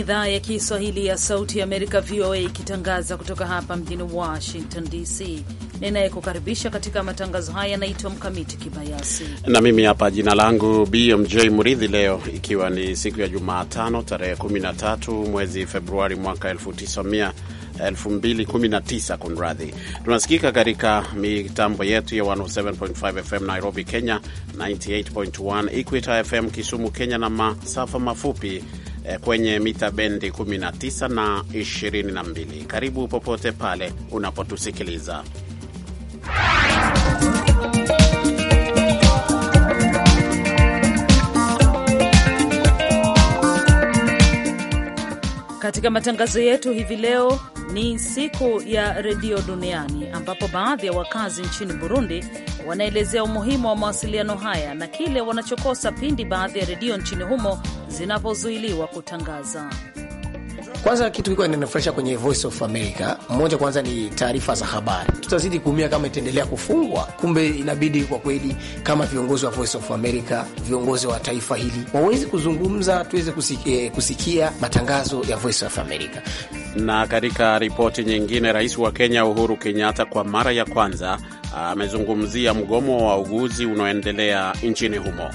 idhaa ya Kiswahili ya Sauti ya Amerika, VOA, ikitangaza kutoka hapa mjini Washington DC. Ninayekukaribisha katika matangazo haya naitwa Mkamiti Kibayasi na mimi hapa jina langu BMJ Muridhi. Leo ikiwa ni siku ya Jumatano, tarehe 13 mwezi Februari mwaka 1900 2019 kunradhi. Tunasikika katika mitambo yetu ya 107.5 FM Nairobi, Kenya, 98.1 Equita FM Kisumu, Kenya na masafa mafupi Eh, kwenye mita bendi 19 na 22. Karibu popote pale unapotusikiliza Katika matangazo yetu hivi leo ni siku ya redio duniani ambapo baadhi ya wakazi nchini Burundi wanaelezea umuhimu wa mawasiliano haya na kile wanachokosa pindi baadhi ya redio nchini humo zinapozuiliwa kutangaza. Kwanza kitu kiko kinanifurahisha kwenye Voice of America, mmoja kwanza ni taarifa za habari. Tutazidi kuumia kama itaendelea kufungwa. Kumbe inabidi kwa kweli, kama viongozi wa Voice of America, viongozi wa taifa hili wawezi kuzungumza, tuweze kusikia, eh, kusikia matangazo ya Voice of America. Na katika ripoti nyingine, rais wa Kenya Uhuru Kenyatta kwa mara ya kwanza amezungumzia mgomo wa uguzi unaoendelea nchini humo.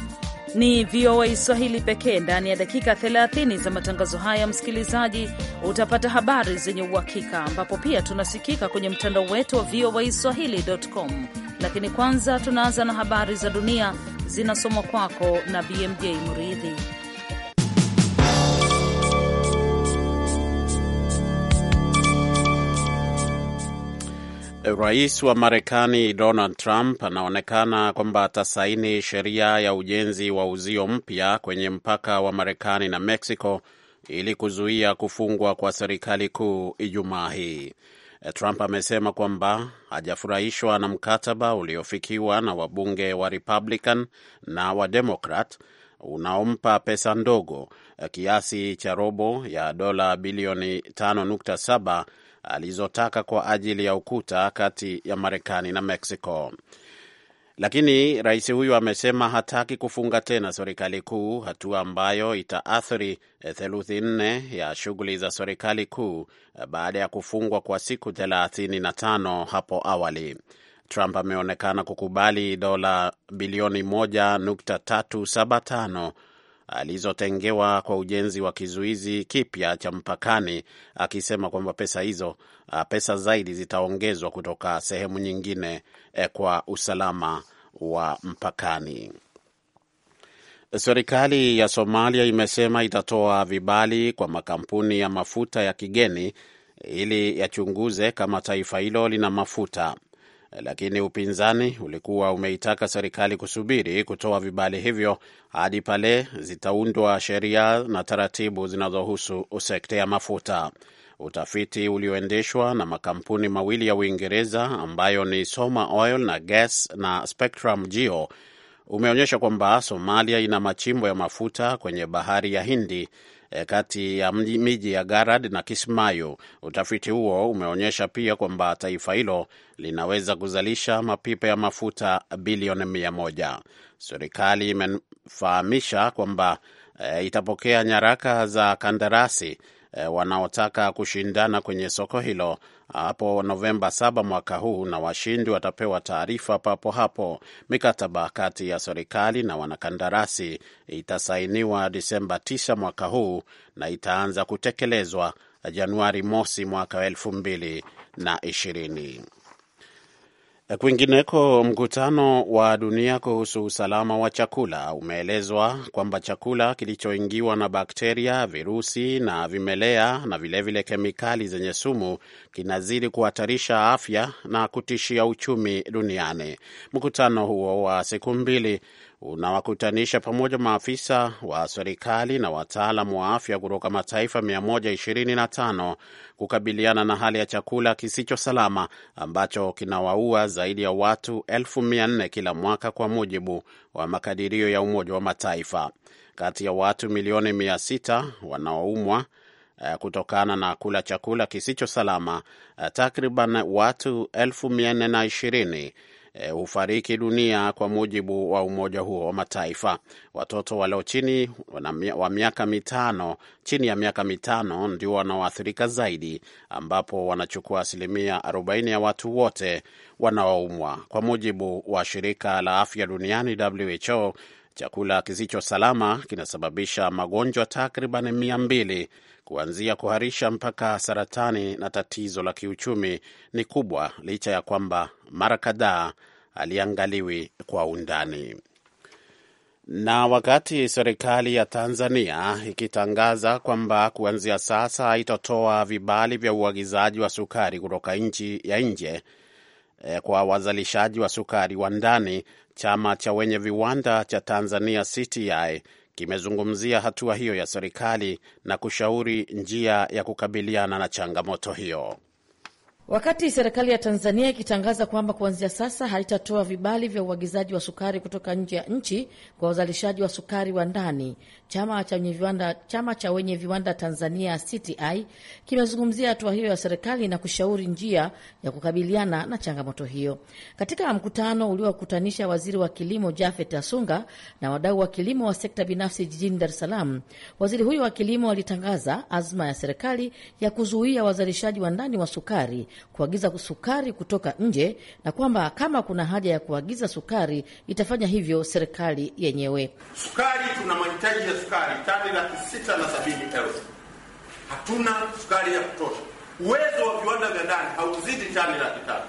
Ni VOA Swahili pekee. Ndani ya dakika 30 za matangazo haya, msikilizaji, utapata habari zenye uhakika, ambapo pia tunasikika kwenye mtandao wetu wa VOA Swahili.com. Lakini kwanza tunaanza na habari za dunia zinasomwa kwako na BMJ Muridhi. Rais wa Marekani Donald Trump anaonekana kwamba atasaini sheria ya ujenzi wa uzio mpya kwenye mpaka wa Marekani na Mexico ili kuzuia kufungwa kwa serikali kuu Ijumaa hii. Trump amesema kwamba hajafurahishwa na mkataba uliofikiwa na wabunge wa Republican na wa Democrat unaompa pesa ndogo kiasi cha robo ya dola bilioni 5.7 alizotaka kwa ajili ya ukuta kati ya Marekani na Mexico. Lakini rais huyu amesema hataki kufunga tena serikali kuu, hatua ambayo itaathiri theluthi nne ya shughuli za serikali kuu baada ya kufungwa kwa siku thelathini na tano hapo awali. Trump ameonekana kukubali dola bilioni moja nukta tatu saba tano alizotengewa kwa ujenzi wa kizuizi kipya cha mpakani, akisema kwamba pesa hizo, ah, pesa zaidi zitaongezwa kutoka sehemu nyingine eh, kwa usalama wa mpakani. Serikali ya Somalia imesema itatoa vibali kwa makampuni ya mafuta ya kigeni ili yachunguze kama taifa hilo lina mafuta lakini upinzani ulikuwa umeitaka serikali kusubiri kutoa vibali hivyo hadi pale zitaundwa sheria na taratibu zinazohusu sekta ya mafuta. Utafiti ulioendeshwa na makampuni mawili ya Uingereza ambayo ni Soma Oil na Gas na Spectrum Geo umeonyesha kwamba Somalia ina machimbo ya mafuta kwenye bahari ya Hindi e, kati ya miji ya Garad na Kismayu. Utafiti huo umeonyesha pia kwamba taifa hilo linaweza kuzalisha mapipa ya mafuta bilioni mia moja. Serikali imefahamisha kwamba e, itapokea nyaraka za kandarasi e, wanaotaka kushindana kwenye soko hilo hapo Novemba 7 mwaka huu, na washindi watapewa taarifa papo hapo. Mikataba kati ya serikali na wanakandarasi itasainiwa Disemba 9 mwaka huu na itaanza kutekelezwa Januari mosi mwaka elfu mbili na ishirini. Kwingineko, mkutano wa dunia kuhusu usalama wa chakula umeelezwa kwamba chakula kilichoingiwa na bakteria, virusi na vimelea na vilevile vile kemikali zenye sumu kinazidi kuhatarisha afya na kutishia uchumi duniani. Mkutano huo wa siku mbili unawakutanisha pamoja maafisa wa serikali na wataalamu wa afya kutoka mataifa 125 kukabiliana na hali ya chakula kisicho salama ambacho kinawaua zaidi ya watu 4 kila mwaka kwa mujibu wa makadirio ya Umoja wa Mataifa. Kati ya watu milioni 600 wanaoumwa eh, kutokana na kula chakula kisicho salama, eh, takriban watu elfu E, hufariki e, dunia kwa mujibu wa Umoja huo wa Mataifa. Watoto walio chini wa miaka mitano, chini ya miaka mitano ndio wanaoathirika zaidi, ambapo wanachukua asilimia 40 ya watu wote wanaoumwa, kwa mujibu wa shirika la afya duniani WHO. Chakula kisicho salama kinasababisha magonjwa takriban mia mbili kuanzia kuharisha mpaka saratani na tatizo la kiuchumi ni kubwa, licha ya kwamba mara kadhaa aliangaliwi kwa undani. Na wakati serikali ya Tanzania ikitangaza kwamba kuanzia sasa haitatoa vibali vya uagizaji wa sukari kutoka nchi ya nje e, kwa wazalishaji wa sukari wa ndani, chama cha wenye viwanda cha Tanzania CTI kimezungumzia hatua hiyo ya serikali na kushauri njia ya kukabiliana na changamoto hiyo. Wakati serikali ya Tanzania ikitangaza kwamba kuanzia sasa haitatoa vibali vya uagizaji wa sukari kutoka nje ya nchi kwa uzalishaji wa sukari wa ndani, chama cha wenye viwanda, chama cha wenye viwanda Tanzania CTI kimezungumzia hatua hiyo ya serikali na kushauri njia ya kukabiliana na changamoto hiyo. Katika mkutano uliokutanisha waziri wa kilimo Jafet Asunga na wadau wa kilimo wa sekta binafsi jijini Dar es Salaam, waziri huyo wa kilimo alitangaza azma ya serikali ya kuzuia wazalishaji wa ndani wa sukari kuagiza sukari kutoka nje na kwamba kama kuna haja ya kuagiza sukari itafanya hivyo serikali yenyewe. Sukari, tuna mahitaji ya sukari tani laki sita na sabini elfu. Hatuna sukari ya kutosha. Uwezo wa viwanda vya ndani hauzidi tani laki tatu.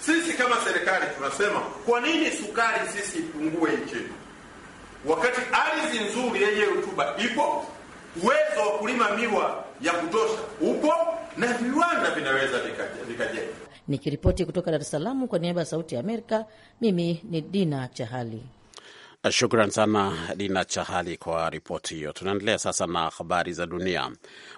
Sisi kama serikali tunasema kwa nini sukari sisi ipungue nchini, wakati ardhi nzuri yenye rutuba ipo, uwezo wa kulima miwa ya kutosha upo na viwanda vinaweza vikajengwa. Nikiripoti kutoka Dar es Salaam kwa niaba ya Sauti ya Amerika, mimi ni Dina Chahali. Shukran sana Dina Chahali kwa ripoti hiyo. Tunaendelea sasa na habari za dunia.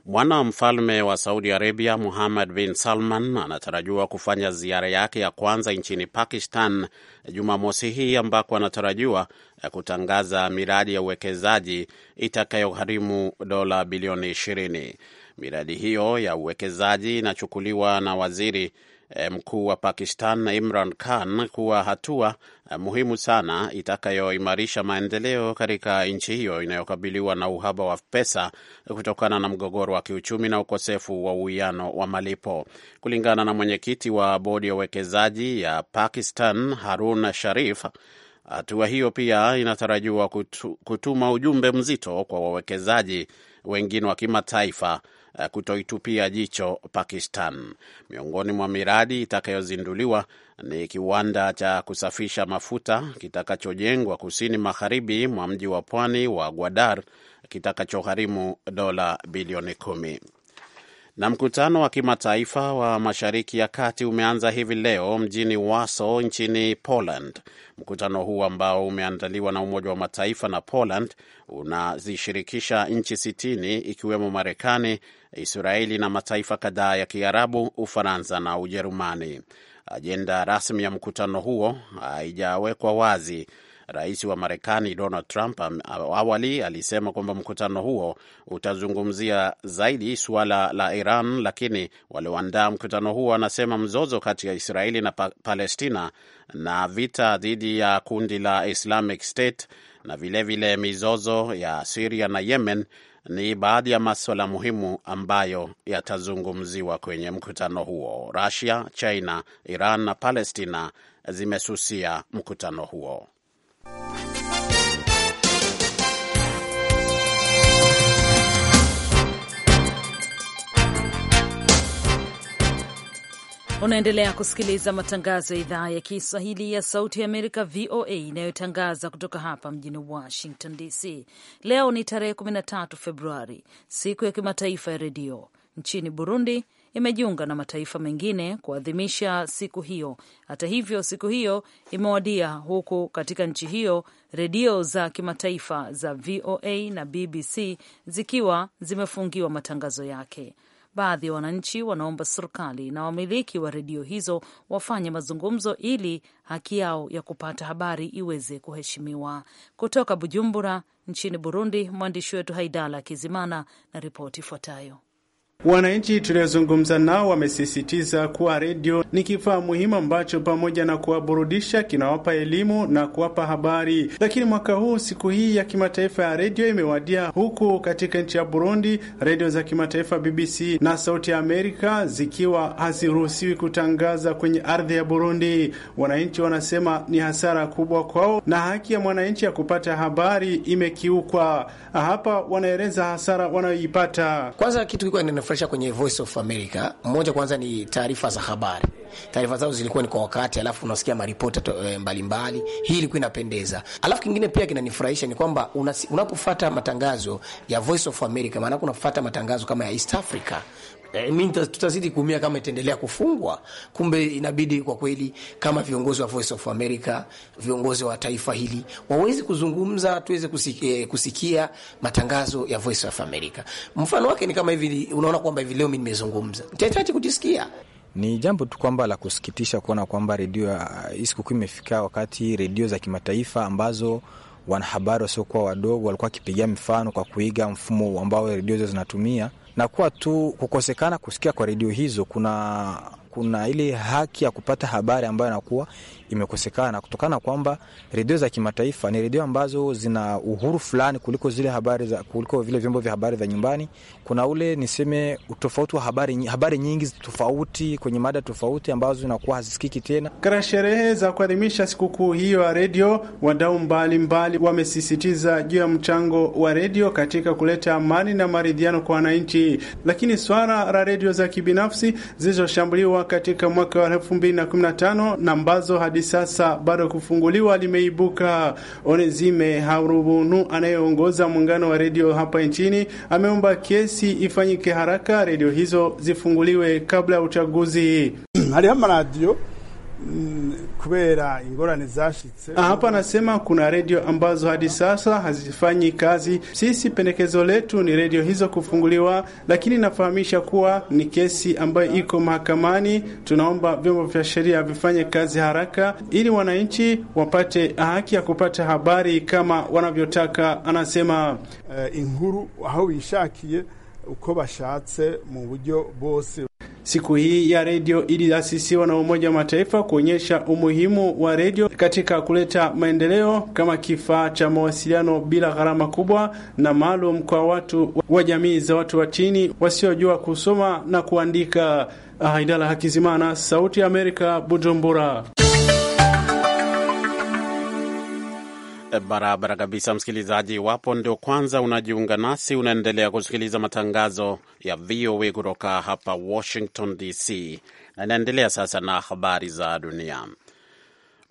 Mwana wa mfalme wa Saudi Arabia Muhammad bin Salman anatarajiwa kufanya ziara yake ya kwanza nchini Pakistan Jumamosi hii ambako anatarajiwa kutangaza miradi ya uwekezaji itakayogharimu dola bilioni ishirini. Miradi hiyo ya uwekezaji inachukuliwa na waziri eh, mkuu wa Pakistan Imran Khan kuwa hatua eh, muhimu sana itakayoimarisha maendeleo katika nchi hiyo inayokabiliwa na uhaba wa pesa kutokana na mgogoro wa kiuchumi na ukosefu wa uwiano wa malipo. Kulingana na mwenyekiti wa bodi ya uwekezaji ya Pakistan Harun Sharif, hatua hiyo pia inatarajiwa kutuma ujumbe mzito kwa wawekezaji wengine wa kimataifa Eh, kutoitupia jicho Pakistan. Miongoni mwa miradi itakayozinduliwa ni kiwanda cha kusafisha mafuta kitakachojengwa kusini magharibi mwa mji wa pwani wa Gwadar kitakachogharimu dola bilioni kumi. Na mkutano wa kimataifa wa Mashariki ya Kati umeanza hivi leo mjini Warsaw nchini Poland. Mkutano huu ambao umeandaliwa na Umoja wa Mataifa na Poland unazishirikisha nchi sitini ikiwemo Marekani, Israeli na mataifa kadhaa ya Kiarabu, Ufaransa na Ujerumani. Ajenda rasmi ya mkutano huo haijawekwa wazi Rais wa Marekani Donald Trump awali alisema kwamba mkutano huo utazungumzia zaidi suala la Iran, lakini walioandaa mkutano huo wanasema mzozo kati ya Israeli na pa Palestina na vita dhidi ya kundi la Islamic State na vilevile vile mizozo ya Siria na Yemen ni baadhi ya maswala muhimu ambayo yatazungumziwa kwenye mkutano huo. Rusia, China, Iran na Palestina zimesusia mkutano huo. Unaendelea kusikiliza matangazo ya idhaa ya Kiswahili ya Sauti ya Amerika, VOA, inayotangaza kutoka hapa mjini Washington DC. Leo ni tarehe 13 Februari, siku ya kimataifa ya redio. Nchini Burundi imejiunga na mataifa mengine kuadhimisha siku hiyo. Hata hivyo, siku hiyo imewadia huku katika nchi hiyo redio za kimataifa za VOA na BBC zikiwa zimefungiwa matangazo yake. Baadhi ya wananchi wanaomba serikali na wamiliki wa redio hizo wafanye mazungumzo ili haki yao ya kupata habari iweze kuheshimiwa. Kutoka Bujumbura nchini Burundi, mwandishi wetu Haidala Kizimana na ripoti ifuatayo. Wananchi tuliozungumza nao wamesisitiza kuwa redio ni kifaa muhimu ambacho pamoja na kuwaburudisha kinawapa elimu na kuwapa habari. Lakini mwaka huu siku hii ya kimataifa ya redio imewadia, huku katika nchi ya Burundi redio za kimataifa BBC na Sauti ya Amerika zikiwa haziruhusiwi kutangaza kwenye ardhi ya Burundi. Wananchi wanasema ni hasara kubwa kwao na haki ya mwananchi ya kupata habari imekiukwa. Hapa wanaeleza hasara wanayoipata. Kwanza kitu kufresha kwenye Voice of America, mmoja kwanza ni taarifa za habari. Taarifa zao zilikuwa ni kwa wakati, alafu unasikia maripota eh, mbalimbali. Hii ilikuwa inapendeza. Alafu kingine pia kinanifurahisha ni kwamba unapofuata matangazo ya Voice of America, maana unafuata matangazo kama ya East Africa, E, eh, mimi tutazidi kuumia kama itaendelea kufungwa. Kumbe inabidi kwa kweli, kama viongozi wa Voice of America, viongozi wa taifa hili waweze kuzungumza, tuweze kusikia, eh, kusikia matangazo ya Voice of America. Mfano wake ni kama hivi, unaona kwamba hivi leo mi nimezungumza, nitahitaji kujisikia ni jambo tu kwamba la kusikitisha kuona kwamba redio ah, hii sikukuu imefika wakati redio za kimataifa ambazo wanahabari wasiokuwa wadogo walikuwa wakipigia mfano kwa kuiga mfumo ambao redio hizo zinatumia na kuwa tu kukosekana kusikia kwa redio hizo kuna kuna ile haki ya kupata habari ambayo inakuwa imekosekana kutokana kwamba redio za kimataifa ni redio ambazo zina uhuru fulani kuliko zile habari za, kuliko vile vyombo vya habari za nyumbani. Kuna ule niseme utofauti wa habari, habari nyingi tofauti kwenye mada tofauti ambazo zinakuwa hazisikiki tena. Katika sherehe za kuadhimisha sikukuu hiyo ya redio, wadau mbalimbali wamesisitiza juu ya mchango wa redio katika kuleta amani na maridhiano kwa wananchi, lakini swala la redio za kibinafsi zilizoshambuliwa katika mwaka wa 2015 na ambazo hadi sasa bado kufunguliwa, limeibuka. Onezime Harubunu anayeongoza muungano wa redio hapa nchini ameomba kesi ifanyike haraka, redio hizo zifunguliwe kabla ya uchaguzi. kubera ingorane zashitse ah, hapa. Anasema kuna redio ambazo hadi sasa hazifanyi kazi. Sisi pendekezo letu ni redio hizo kufunguliwa, lakini nafahamisha kuwa ni kesi ambayo iko mahakamani. Tunaomba vyombo vya sheria vifanye kazi haraka ili wananchi wapate haki ya kupata habari kama wanavyotaka. Anasema uh, inkuru aho wishakiye uko bashatse mu buryo bose Siku hii ya redio iliasisiwa na Umoja wa Mataifa kuonyesha umuhimu wa redio katika kuleta maendeleo kama kifaa cha mawasiliano bila gharama kubwa na maalum kwa watu wa jamii za watu wa chini wasiojua kusoma na kuandika. Ah, Haidala Hakizimana, Sauti ya Amerika, Bujumbura. Eh, barabara kabisa, msikilizaji. Iwapo ndio kwanza unajiunga nasi, unaendelea kusikiliza matangazo ya VOA kutoka hapa Washington DC, na inaendelea sasa na habari za dunia.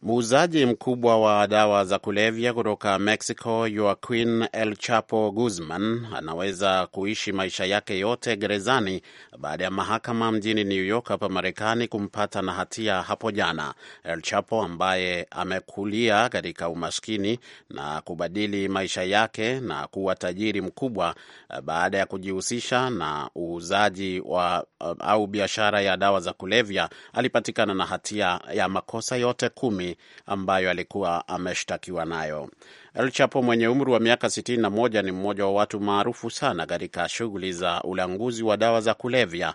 Muuzaji mkubwa wa dawa za kulevya kutoka Mexico, Joaquin El Chapo Guzman anaweza kuishi maisha yake yote gerezani baada ya mahakama mjini New York hapa Marekani kumpata na hatia hapo jana. El Chapo ambaye amekulia katika umaskini na kubadili maisha yake na kuwa tajiri mkubwa eh, baada ya kujihusisha na uuzaji wa eh, au biashara ya dawa za kulevya alipatikana na hatia ya makosa yote kumi ambayo alikuwa ameshtakiwa nayo. El Chapo mwenye umri wa miaka 61 ni mmoja wa watu maarufu sana katika shughuli za ulanguzi wa dawa za kulevya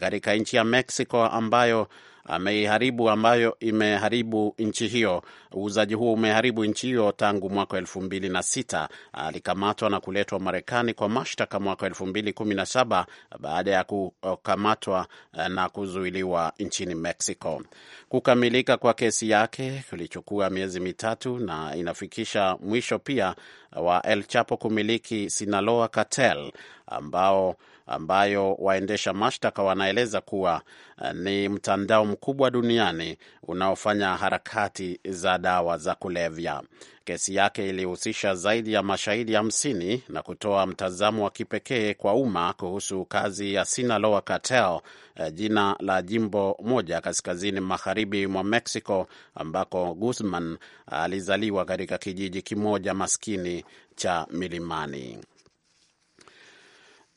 katika nchi ya Mexico ambayo ameiharibu ambayo imeharibu nchi hiyo. Uuzaji huo umeharibu nchi hiyo tangu mwaka elfu mbili na sita. Alikamatwa na kuletwa Marekani kwa mashtaka mwaka elfu mbili kumi na saba baada ya kukamatwa eh, na kuzuiliwa nchini Mexico. Kukamilika kwa kesi yake kulichukua miezi mitatu na inafikisha mwisho pia wa El Chapo kumiliki Sinaloa Cartel ambao ambayo waendesha mashtaka wanaeleza kuwa eh, ni mtandao mkubwa duniani unaofanya harakati za dawa za kulevya. Kesi yake ilihusisha zaidi ya mashahidi hamsini na kutoa mtazamo wa kipekee kwa umma kuhusu kazi ya Sinaloa Cartel, eh, jina la jimbo moja kaskazini magharibi mwa Mexico ambako Guzman alizaliwa katika kijiji kimoja maskini cha milimani.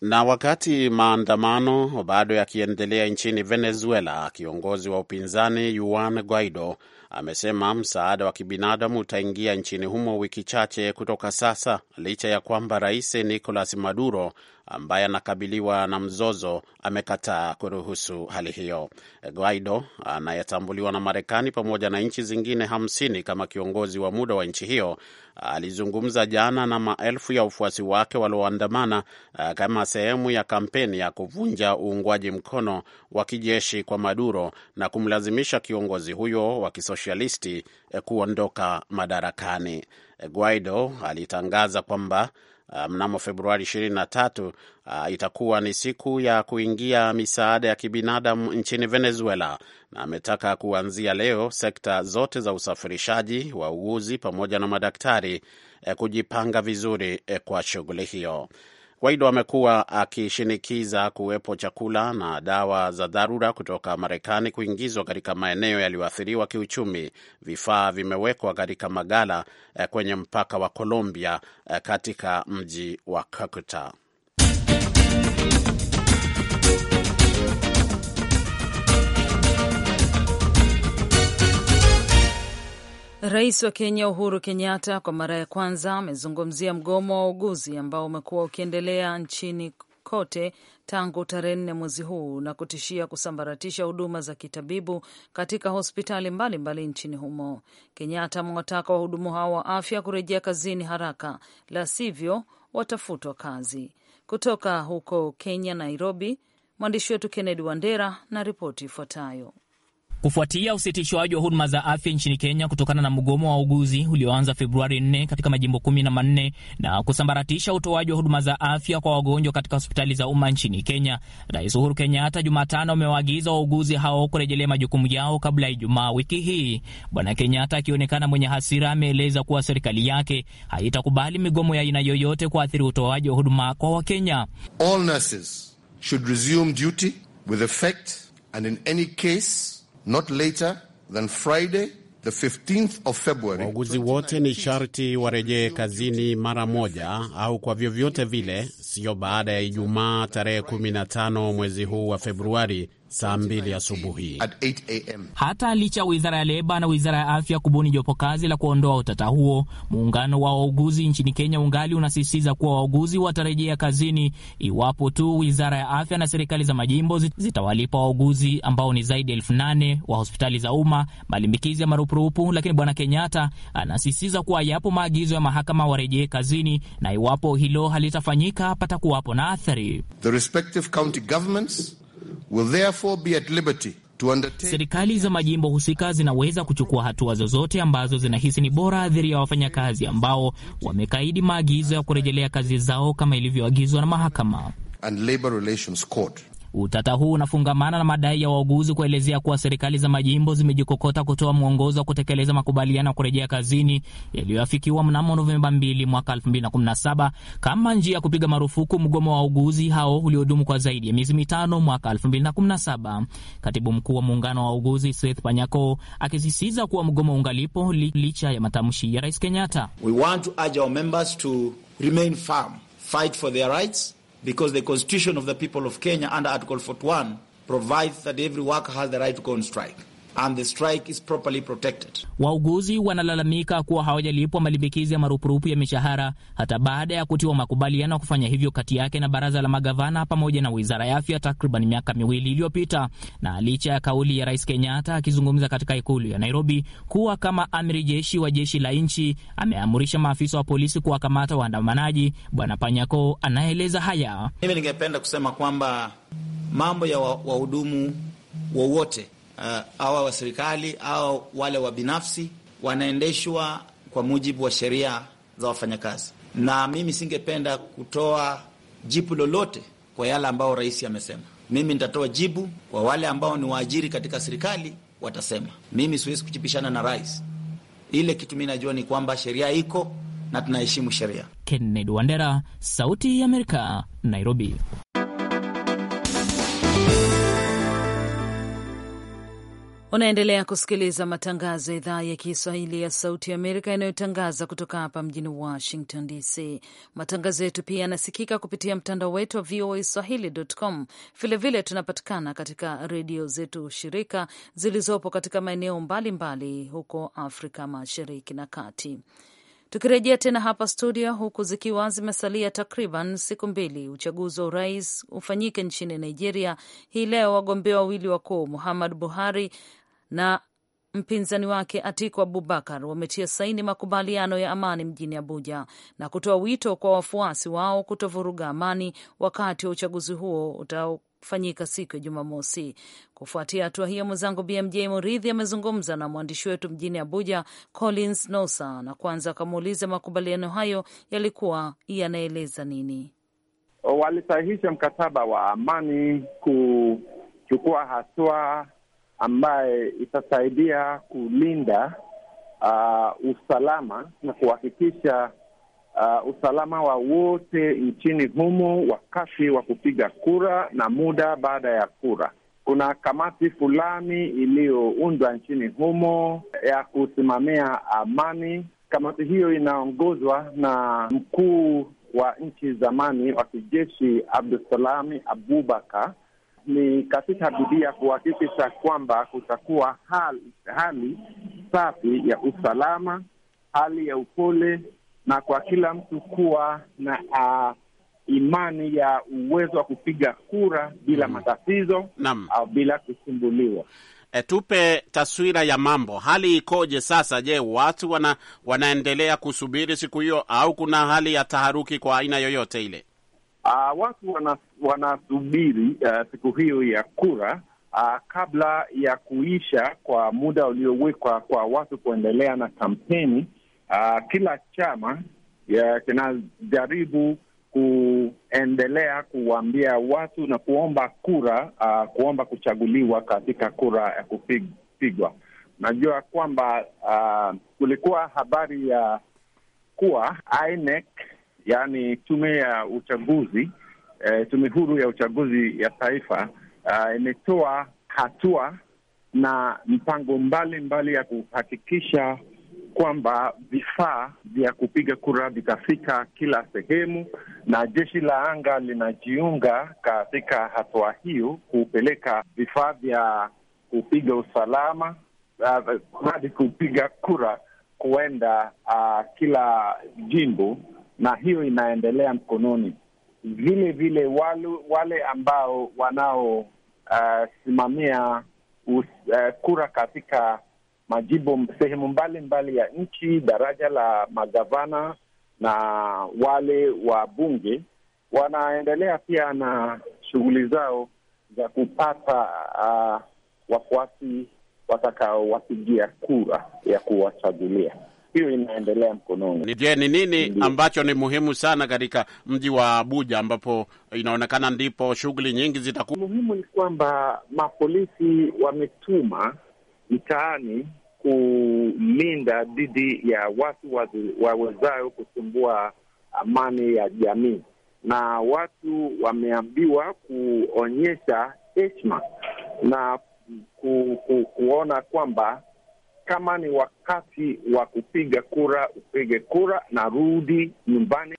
Na wakati maandamano bado yakiendelea nchini Venezuela, kiongozi wa upinzani Juan Guaido amesema msaada wa kibinadamu utaingia nchini humo wiki chache kutoka sasa, licha ya kwamba rais Nicolas Maduro ambaye anakabiliwa na mzozo amekataa kuruhusu hali hiyo. Guaido anayetambuliwa na Marekani pamoja na nchi zingine hamsini kama kiongozi wa muda wa nchi hiyo alizungumza jana na maelfu ya ufuasi wake walioandamana eh, kama sehemu ya kampeni ya kuvunja uungwaji mkono wa kijeshi kwa Maduro na kumlazimisha kiongozi huyo wa kisosialisti eh, kuondoka madarakani. Guaido alitangaza kwamba Uh, mnamo Februari 23 uh, itakuwa ni siku ya kuingia misaada ya kibinadamu nchini Venezuela, na ametaka kuanzia leo sekta zote za usafirishaji, wauguzi pamoja na madaktari eh, kujipanga vizuri eh, kwa shughuli hiyo. Guaido amekuwa akishinikiza kuwepo chakula na dawa za dharura kutoka Marekani kuingizwa katika maeneo yaliyoathiriwa kiuchumi. Vifaa vimewekwa katika magala eh, kwenye mpaka wa Colombia eh, katika mji wa Kakuta. Rais wa Kenya Uhuru Kenyatta kwa mara ya kwanza amezungumzia mgomo wa uguzi ambao umekuwa ukiendelea nchini kote tangu tarehe nne mwezi huu na kutishia kusambaratisha huduma za kitabibu katika hospitali mbalimbali mbali nchini humo. Kenyatta amewataka wahudumu hao wa afya kurejea kazini haraka, la sivyo watafutwa kazi. Kutoka huko Kenya, Nairobi, mwandishi wetu Kennedy Wandera na ripoti ifuatayo. Kufuatia usitishwaji wa huduma za afya nchini Kenya kutokana na mgomo wa wauguzi ulioanza Februari 4 katika majimbo kumi na manne na kusambaratisha utoaji wa huduma za afya kwa wagonjwa katika hospitali za umma nchini Kenya, Rais Uhuru Kenyatta Jumatano amewaagiza wauguzi hao kurejelea majukumu yao kabla ya Ijumaa wiki hii. Bwana Kenyatta akionekana mwenye hasira, ameeleza kuwa serikali yake haitakubali migomo ya aina yoyote kuathiri utoaji wa huduma kwa Wakenya. All nurses should resume duty with effect and in any case not later than Friday the 15th of February. Wauguzi wote ni sharti warejee kazini mara moja au kwa vyovyote vile, sio baada ya Ijumaa tarehe 15 mwezi huu wa Februari saa mbili asubuhi. Hata licha ya wizara ya leba na wizara ya afya kubuni jopo kazi la kuondoa utata huo, muungano wa wauguzi nchini Kenya ungali unasisitiza kuwa wauguzi watarejea kazini iwapo tu wizara ya afya na serikali za majimbo zitawalipa wauguzi ambao ni zaidi ya elfu nane wa hospitali za umma malimbikizi ya marupurupu. Lakini bwana Kenyatta anasisitiza kuwa yapo maagizo ya mahakama warejee kazini, na iwapo hilo halitafanyika patakuwapo na athari. The respective county governments will therefore be at liberty to undertake... Serikali za majimbo husika zinaweza kuchukua hatua zozote ambazo zinahisi ni bora dhidi ya wafanyakazi ambao wamekaidi maagizo ya kurejelea kazi zao kama ilivyoagizwa na mahakama and Labor Relations Court. Utata huu unafungamana na madai ya wauguzi kuelezea kuwa serikali za majimbo zimejikokota kutoa mwongozo wa kutekeleza makubaliano ya kurejea kazini yaliyoafikiwa mnamo Novemba 2 mwaka 2017 kama njia ya kupiga marufuku mgomo wa wauguzi hao uliodumu kwa zaidi ya miezi mitano mwaka 2017. Katibu mkuu wa muungano wa wauguzi Seth Panyako akisisitiza kuwa mgomo ungalipo licha ya matamshi ya Rais Kenyatta. We want to urge our members to remain firm, fight for their rights because the constitution of the people of Kenya under Article 41 provides that every worker has the right to go on strike. and the strike is properly protected. Wauguzi wanalalamika kuwa hawajalipwa malimbikizi ya marupurupu ya mishahara hata baada ya kutiwa makubaliano ya kufanya hivyo kati yake na baraza la magavana pamoja na wizara ya afya takriban miaka miwili iliyopita, na licha ya kauli ya Rais Kenyatta akizungumza katika ikulu ya Nairobi kuwa kama amiri jeshi wa jeshi la nchi ameamurisha maafisa wa polisi kuwakamata waandamanaji, Bwana Panyako anaeleza haya: mimi ningependa kusema kwamba mambo ya wahudumu wa wowote Uh, awa wa serikali au wale wa binafsi wanaendeshwa kwa mujibu wa sheria za wafanyakazi, na mimi singependa kutoa jibu lolote kwa yale ambao rais amesema. Mimi nitatoa jibu kwa wale ambao ni waajiri katika serikali watasema. Mimi siwezi kuchipishana na rais. Ile kitu mi najua ni kwamba sheria iko na tunaheshimu sheria. Kennedy Wandera, Sauti ya Amerika, Nairobi. Unaendelea kusikiliza matangazo ya idhaa ya Kiswahili ya Sauti ya Amerika yanayotangaza kutoka hapa mjini Washington DC. Matangazo yetu pia yanasikika kupitia mtandao wetu wa VOA Swahili.com. Vilevile tunapatikana katika redio zetu shirika zilizopo katika maeneo mbalimbali huko Afrika Mashariki na Kati. Tukirejea tena hapa studio, huku zikiwa zimesalia takriban siku mbili uchaguzi wa urais ufanyike nchini Nigeria, hii leo wagombea wawili wakuu Muhammad Buhari na mpinzani wake Atiku Abubakar wametia saini makubaliano ya amani mjini Abuja na kutoa wito kwa wafuasi wao kutovuruga amani wakati wa uchaguzi huo utafanyika siku ya Jumamosi. Kufuatia hatua hiyo, mwenzangu BMJ Muridhi amezungumza na mwandishi wetu mjini Abuja, Collins Nosa, na kwanza akamuuliza makubaliano hayo yalikuwa yanaeleza nini. Walisahihisha mkataba wa amani kuchukua hatua ambaye itasaidia kulinda uh, usalama na kuhakikisha uh, usalama wa wote nchini humo wakati wa kupiga kura na muda baada ya kura. Kuna kamati fulani iliyoundwa nchini humo ya kusimamia amani. Kamati hiyo inaongozwa na mkuu wa nchi zamani wa kijeshi Abdusalami Abubakar ni katika bidii ya kuhakikisha kwamba kutakuwa hali, hali safi ya usalama, hali ya upole na kwa kila mtu kuwa na uh, imani ya uwezo wa kupiga kura bila mm, matatizo naam, au bila kusumbuliwa. E, tupe taswira ya mambo, hali ikoje sasa? Je, watu wana, wanaendelea kusubiri siku hiyo au kuna hali ya taharuki kwa aina yoyote ile? Uh, watu wana, wanasubiri uh, siku hiyo ya kura uh, kabla ya kuisha kwa muda uliowekwa kwa watu kuendelea na kampeni. Uh, kila chama eh, kinajaribu kuendelea kuwaambia watu na kuomba kura uh, kuomba kuchaguliwa katika kura ya kupigwa. Najua kwamba uh, kulikuwa habari ya kuwa INEC yaani tume ya uchaguzi eh, tume huru ya uchaguzi ya taifa uh, imetoa hatua na mpango mbalimbali mbali ya kuhakikisha kwamba vifaa vya kupiga kura vitafika kila sehemu, na jeshi la anga linajiunga katika hatua hiyo kupeleka vifaa vya kupiga usalama ah, hadi uh, kupiga kura kuenda uh, kila jimbo na hiyo inaendelea mkononi. Vile vile wale, wale ambao wanaosimamia uh, uh, kura katika majimbo sehemu mbalimbali ya nchi, daraja la magavana na wale wa bunge wanaendelea pia na shughuli zao za kupata uh, wafuasi watakaowapigia kura ya kuwachagulia hiyo inaendelea mkononi. Je, ni nini ambacho ni muhimu sana katika mji wa Abuja ambapo inaonekana ndipo shughuli nyingi zitakuwa? Muhimu ni kwamba mapolisi wametuma mtaani kulinda dhidi ya watu wawezayo kusumbua amani ya jamii, na watu wameambiwa kuonyesha heshima na ku, ku, kuona kwamba kama ni wakati wa kupiga kura upige kura na rudi nyumbani.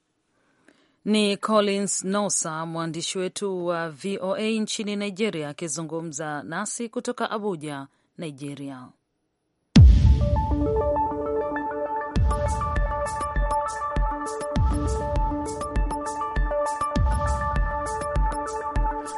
Ni Collins Nosa, mwandishi wetu wa VOA nchini Nigeria, akizungumza nasi kutoka Abuja, Nigeria.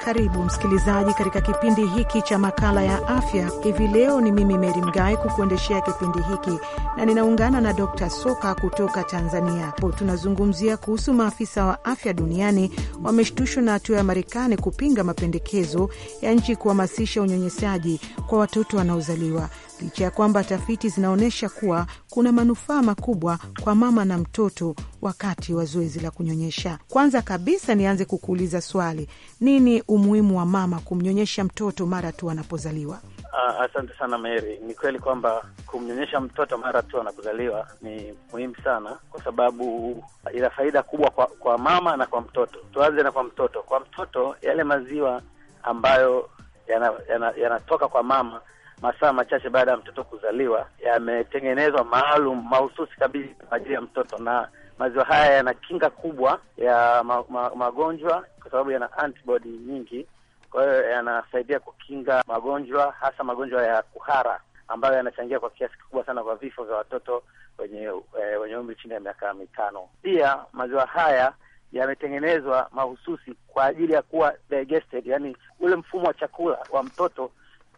Karibu msikilizaji katika kipindi hiki cha makala ya afya. Hivi leo ni mimi Meri Mgae kukuendeshea kipindi hiki na ninaungana na Dr. Soka kutoka Tanzania. Tunazungumzia kuhusu maafisa wa afya duniani wameshtushwa na hatua ya Marekani kupinga mapendekezo ya nchi kuhamasisha unyonyesaji kwa watoto wanaozaliwa licha ya kwamba tafiti zinaonyesha kuwa kuna manufaa makubwa kwa mama na mtoto wakati wa zoezi la kunyonyesha. Kwanza kabisa, nianze kukuuliza swali, nini umuhimu wa mama kumnyonyesha mtoto mara tu anapozaliwa? Uh, asante sana Mary. Ni kweli kwamba kumnyonyesha mtoto mara tu anapozaliwa ni muhimu sana, kwa sababu ina faida kubwa kwa, kwa mama na kwa mtoto. Tuanze na kwa mtoto. Kwa mtoto, yale maziwa ambayo yanatoka yana, yana kwa mama masaa machache baada ya mtoto kuzaliwa, yametengenezwa maalum mahususi kabisa kwa ajili ya mtoto, na maziwa haya yana kinga kubwa ya ma, ma, magonjwa kwa sababu yana antibody nyingi. Kwa hiyo yanasaidia kukinga magonjwa, hasa magonjwa ya kuhara ambayo yanachangia kwa kiasi kikubwa sana kwa vifo vya watoto wenye e, wenye umri chini ya miaka mitano. Pia maziwa haya yametengenezwa mahususi kwa ajili ya kuwa digested, yani ule mfumo wa chakula wa mtoto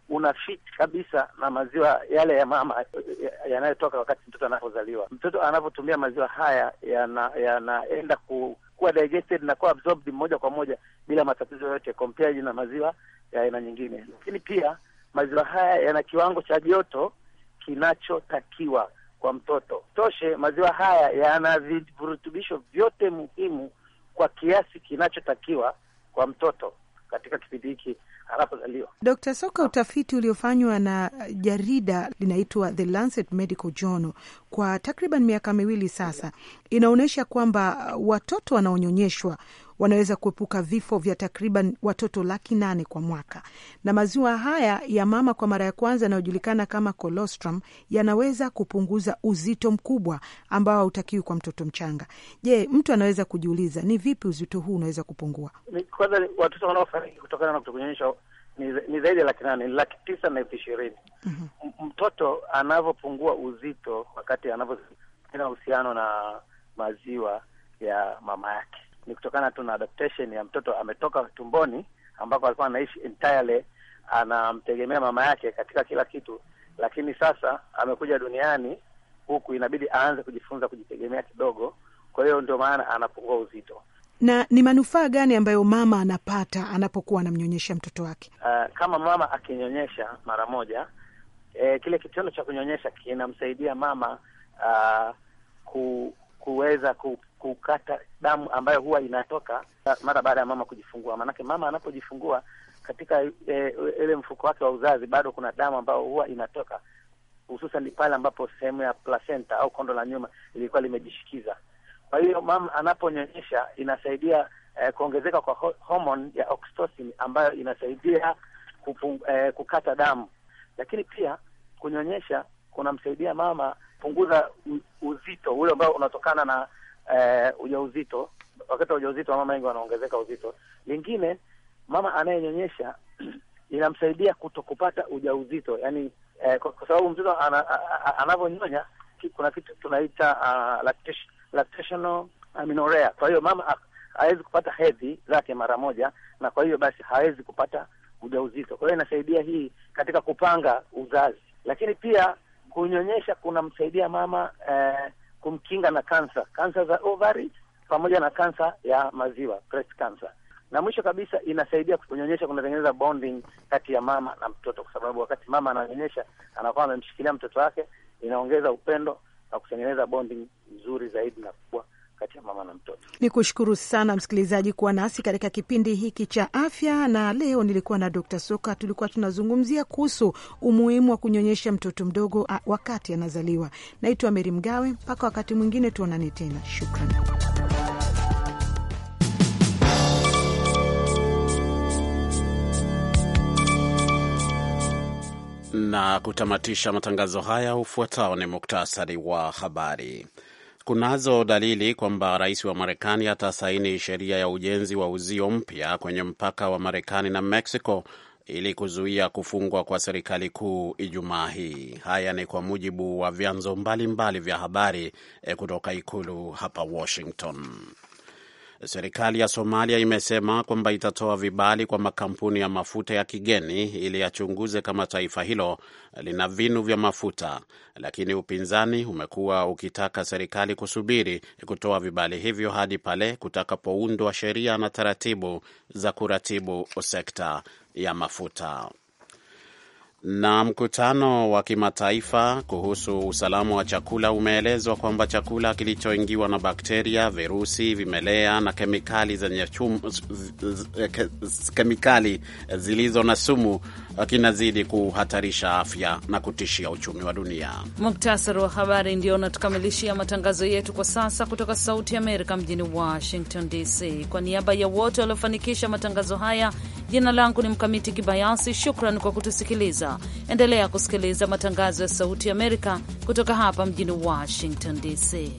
una fit kabisa na maziwa yale ya mama yanayotoka wakati mtoto anapozaliwa. Mtoto anapotumia maziwa haya yanaenda ya ku, kuwa digested na kuwa absorbed moja kwa moja bila matatizo yoyote compared na maziwa ya aina nyingine. Lakini pia maziwa haya yana kiwango cha joto kinachotakiwa kwa mtoto. Toshe, maziwa haya yana virutubisho vyote muhimu kwa kiasi kinachotakiwa kwa mtoto katika kipindi hiki anapozaliwa. Dkt. Soka, utafiti uliofanywa na jarida linaitwa The Lancet Medical Journal kwa takriban miaka miwili sasa inaonyesha kwamba watoto wanaonyonyeshwa wanaweza kuepuka vifo vya takriban watoto laki nane kwa mwaka, na maziwa haya ya mama kwa mara ya kwanza yanayojulikana kama colostrum yanaweza kupunguza uzito mkubwa ambao hautakiwi kwa mtoto mchanga. Je, mtu anaweza kujiuliza ni vipi uzito huu unaweza kupungua? Kwanza watoto wanaofariki kutokana na kutokunyonyesha ni zaidi ya laki nane, ni laki tisa na elfu ishirini. Mhm. Mtoto anavyopungua uzito wakati anavyoina uhusiano na maziwa ya mama yake ni kutokana tu na adaptation ya mtoto ametoka tumboni ambako alikuwa anaishi entirely, anamtegemea mama yake katika kila kitu, lakini sasa amekuja duniani huku inabidi aanze kujifunza kujitegemea kidogo. Kwa hiyo ndio maana anapungua uzito. Na ni manufaa gani ambayo mama anapata anapokuwa anamnyonyesha mtoto wake? Uh, kama mama akinyonyesha mara moja, eh, kile kitendo cha kunyonyesha kinamsaidia mama uh, ku, kuweza ku, kukata damu ambayo huwa inatoka mara baada ya mama kujifungua. Maanake mama anapojifungua katika eh, ile e, mfuko wake wa uzazi bado kuna damu ambayo huwa inatoka, hususan pale ambapo sehemu ya placenta au kondo la nyuma ilikuwa limejishikiza. Kwa hiyo mama anaponyonyesha inasaidia e, kuongezeka kwa ho ya oxytocin ambayo inasaidia kupung, e, kukata damu, lakini pia kunyonyesha kunamsaidia mama punguza uzito ule ambao unatokana na eh, ujauzito. Wakati wa ujauzito mama wengi wanaongezeka uzito. Lingine, mama anayenyonyesha inamsaidia kutokupata ujauzito, yani eh, kwa sababu mtoto anavyonyonya kuna kitu tunaita uh, lactation, lactational aminorea. Kwa hiyo mama hawezi kupata hedhi zake mara moja, na kwa hiyo basi hawezi kupata ujauzito. Kwa hiyo inasaidia hii katika kupanga uzazi, lakini pia kunyonyesha kunamsaidia mama eh, kumkinga na kansa, kansa za ovary pamoja na kansa ya maziwa, breast cancer. Na mwisho kabisa, inasaidia kunyonyesha, kunatengeneza bonding kati ya mama na mtoto, kwa sababu wakati mama ananyonyesha anakuwa amemshikilia mtoto wake, inaongeza upendo na kutengeneza bonding nzuri zaidi na kubwa kati ya mama na mtoto. Ni kushukuru sana msikilizaji kuwa nasi katika kipindi hiki cha afya, na leo nilikuwa na Dr. Soka. Tulikuwa tunazungumzia kuhusu umuhimu wa kunyonyesha mtoto mdogo wakati anazaliwa. Naitwa Meri Mgawe, mpaka wakati mwingine tuonane tena, shukran. Na kutamatisha matangazo haya, ufuatao ni muktasari wa habari kunazo dalili kwamba rais wa Marekani atasaini sheria ya ujenzi wa uzio mpya kwenye mpaka wa Marekani na Mexico ili kuzuia kufungwa kwa serikali kuu Ijumaa hii. Haya ni kwa mujibu wa vyanzo mbalimbali vya habari eh, kutoka ikulu hapa Washington. Serikali ya Somalia imesema kwamba itatoa vibali kwa makampuni ya mafuta ya kigeni ili yachunguze kama taifa hilo lina vinu vya mafuta, lakini upinzani umekuwa ukitaka serikali kusubiri kutoa vibali hivyo hadi pale kutakapoundwa sheria na taratibu za kuratibu sekta ya mafuta. Na mkutano wa kimataifa kuhusu usalama wa chakula umeelezwa kwamba chakula kilichoingiwa na bakteria, virusi, vimelea na kemikali zenye chum, kemikali zilizo na sumu kinazidi kuhatarisha afya na kutishia uchumi wa dunia. Muktasari wa habari ndio unatukamilishia matangazo yetu kwa sasa kutoka Sauti Amerika mjini Washington DC. Kwa niaba ya wote waliofanikisha matangazo haya, jina langu ni Mkamiti Kibayasi. Shukran kwa kutusikiliza. Endelea kusikiliza matangazo ya Sauti Amerika kutoka hapa mjini Washington DC.